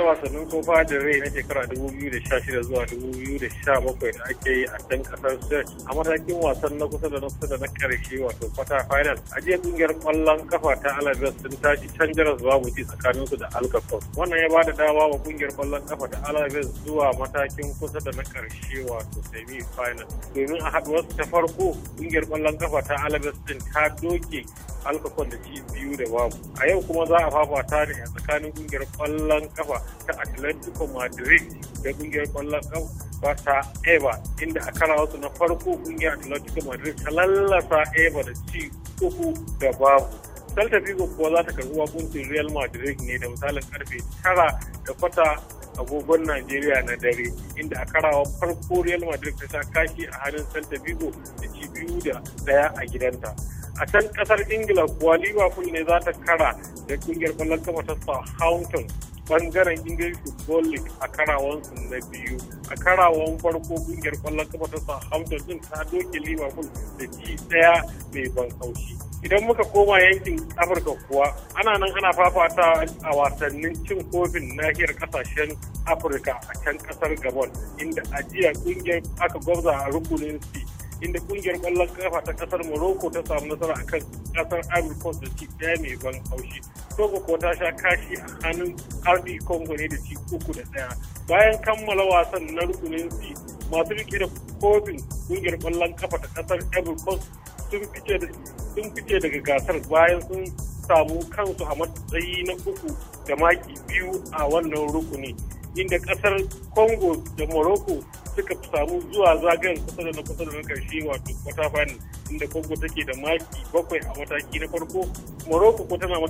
da wasannin kofa da rai na shekara 2016 zuwa 2017 da ake yi a can kasar Search a matakin wasan na kusa da na kusa da na karshe wato kwata final a jiya kungiyar kwallon kafa ta Alabes sun tashi can jaras babu ci tsakanin su da Alcacon wannan ya bada dama wa kungiyar kwallon kafa ta Alabes zuwa matakin kusa da na karshe wato semi final domin a haduwar ta farko kungiyar kwallon kafa ta Alabes din ta doke alkakon da ci biyu da babu a yau kuma za a fafata ne a tsakanin kungiyar kwallon kafa ta atlantico madrid da kungiyar kwallon kafa ta eva inda a kara wasu na farko kungiyar atlantico madrid ta lallasa eva da ci uku da babu celta vigo kuwa za ta karbi wakuncin real madrid ne da misalin karfe tara da fata agogon Najeriya na dare inda a karawa farko Real Madrid ta sha kashi a hannun Celta Vigo da ci biyu da daya a gidanta. a can kasar ingila kuwa liverpool ne za ta kara da kungiyar kwallon kama ta southampton bangaren english football league a karawansu na biyu a karawan farko kungiyar kwallon kama ta southampton din ta doke liverpool da ci daya mai ban haushi idan muka koma yankin afirka kuwa ana nan ana fafata a wasannin cin kofin nahiyar kasashen afirka a can kasar gabon inda ajiya kungiyar aka gwabza a rukunin su. inda kungiyar kwallon kafa ta kasar morocco ta samu nasara a kan kasar ivory da ci daya mai ban haushi togo ko ta sha kashi a hannun rd congo ne da ci uku da daya bayan kammala wasan na rukunin si masu rike da kofin kungiyar kwallon kafa ta kasar ivory coast sun fice daga gasar bayan sun samu kansu a matsayi na uku da maki biyu a wannan rukuni inda kasar congo da morocco suka samu zuwa zagayen kusa da na kusa da na karshe wato kwata fani inda kogo take da maki bakwai a mataki na farko Morocco ko tana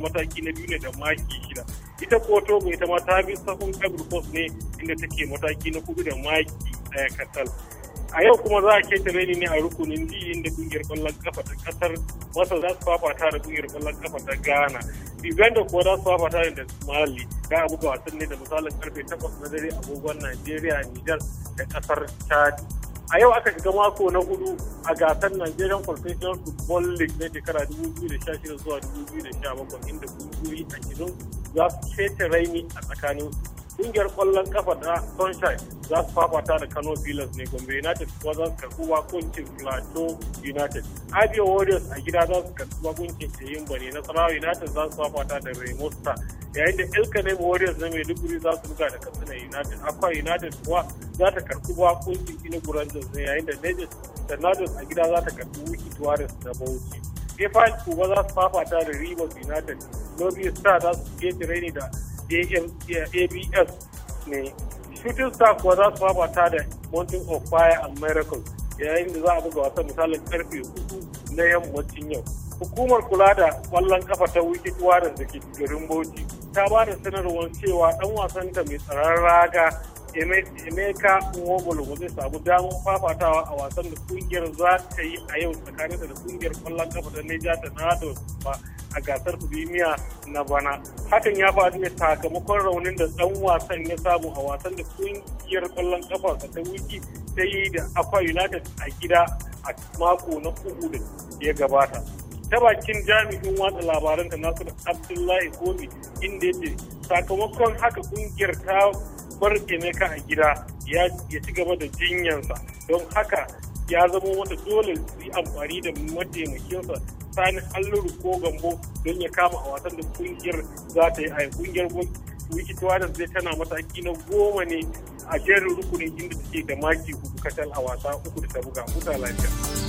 mataki na biyu ne da maki shida ita ko Togo ita ma ta bi sahun kabir Coast ne inda take mataki na kudu da maki daya katal a yau kuma za a keta raini ne a rukunin biyu inda kungiyar kwallon kafa ta kasar Masar za su fafata da kungiyar kwallon kafa ta Ghana uganda kuwa za su haɓa tare da mali ga a buga wasan ne da misalin karfe 8 na dare agogon nigeria nijar da kasar chad a yau aka shiga mako na hudu a gasar nigerian professional football league na shekara 2016 zuwa 2017 inda kungiyoyi a gidan za su kece raini a tsakaninsu kungiyar kwallon kafa da sunshine za su fafata da kano pilas ne gombe united kuma za su karɓi wakuncin plateau united abia warriors a gida za su karɓi wakuncin bane na sanawa united za su fafata da raymond yayin da elkanem warriors na maiduguri za su buga da katsina united akwa united kuwa za ta karɓi wakuncin inuguran rangers ne yayin da nejas tornadoes a gida za ta karɓi wiki tuwaris da bauchi efa kuwa za su fafata da rivers united novi star za su je ne da abs e ne shooting star kuwa za su fafata da mountain of fire and miracle yayin da za a buga wasan misalin karfe hudu na yammacin yau hukumar kula da kwallon kafa ta wicket warren da ke garin bauchi ta ba da sanarwar cewa dan wasanta mai tsaron raga emeka nwogolo ba zai samu damar fafatawa a wasan da kungiyar za ta yi a yau tsakanin da kungiyar kwallon kafa ta niger ta nadal ba a gasar duniya na bana hakan ya faru ne sakamakon raunin da dan wasan ya samu a wasan da kungiyar kwallon kafa ta wiki ta yi da akwa united a gida a mako na uku da ya gabata ta bakin jami'in watsa labaran ta nasu abdullahi komi inda yake sakamakon haka kungiyar ta bar emeka a gida ya ci gaba da jinyansa don haka ya zama wata dole su yi amfani da mataimakinsa sani halluru ko gambo don ya kama a wasan da kungiyar za ta yi a kungiyar wiki tuwanas zai tana mataki na goma ne a jerin rukunin inda take da maki hudu kacal a wasa uku da ta buga huta lafiya.